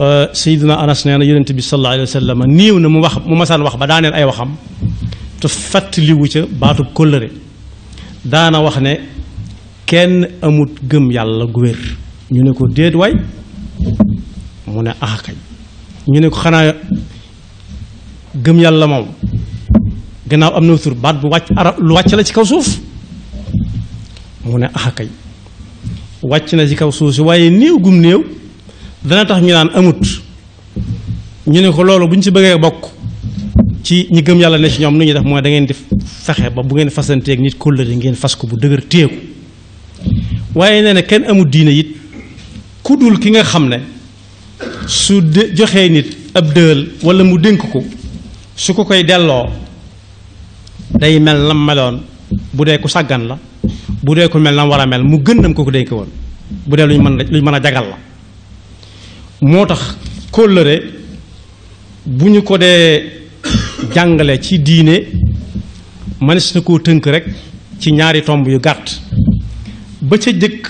Euh, Seydina Anas nee na bi sallallahu alayhi a sallam néew na mu wax mu masaan wax ba daaneel ay waxam te fàttaliwu ca baatu kóllëre daana wax ne kenn amut gëm yàlla gu wér ñu ne ko déet waay mu ne ax ah kañ ñu xanaa gëm yàlla moom am na tur wàcc la ci kaw suuf mu ne ax ah kañ wàcc na ci kaw suuf si waaye néew gum néew dana tax ñu naan amut ñu ne ko loolu bu ñu ci bëggee bokk ci ñi gëm yàlla ne ci ñoom lu ñuy def mooy da ngeen di fexe ba bu ngeen fasanteeg nit kóllëre ngeen fas ko bu dëgër téyeku waaye nee na kenn amut diine it ku dul ki nga xam ne su de joxee nit ab dëël wala mu dénk ko su ko koy delloo day mel na meloon bu dee ku sàggan la bu dee ku mel na war a mel mu gën nam ko ko dénk woon bu dee luñ mën luñ mën a jagal la moo tax kóllëre bu ñu ko dee jàngale ci diine mënees na koo tënk rek ci ñaari tomb yu gàtt ba ca jëkk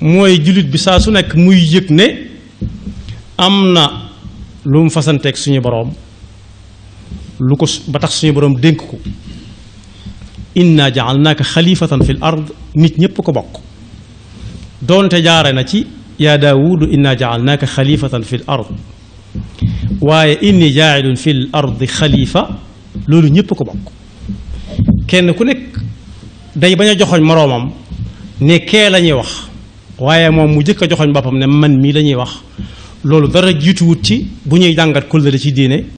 mooy jullit bi saa su nekk muy yëg ne am na lu mu fasanteeg suñu boroom lu ko ba tax suñu borom dénk ko inna jaalnaaka xalifatan fil ard nit ñépp ko bokk doonte jaare na ci يا داود إنا جعلناك خليفة في الأرض وإني إني جاعل في الأرض خليفة لولو نيبكو باك كين كونيك داي بانا جوخون مروم ني كي لاني واخ وايي موم مو جيكا جوخون بابام ني من مي لاني واخ لولو دارا جيتو ووتي بو ني جانغات كول دا سي دين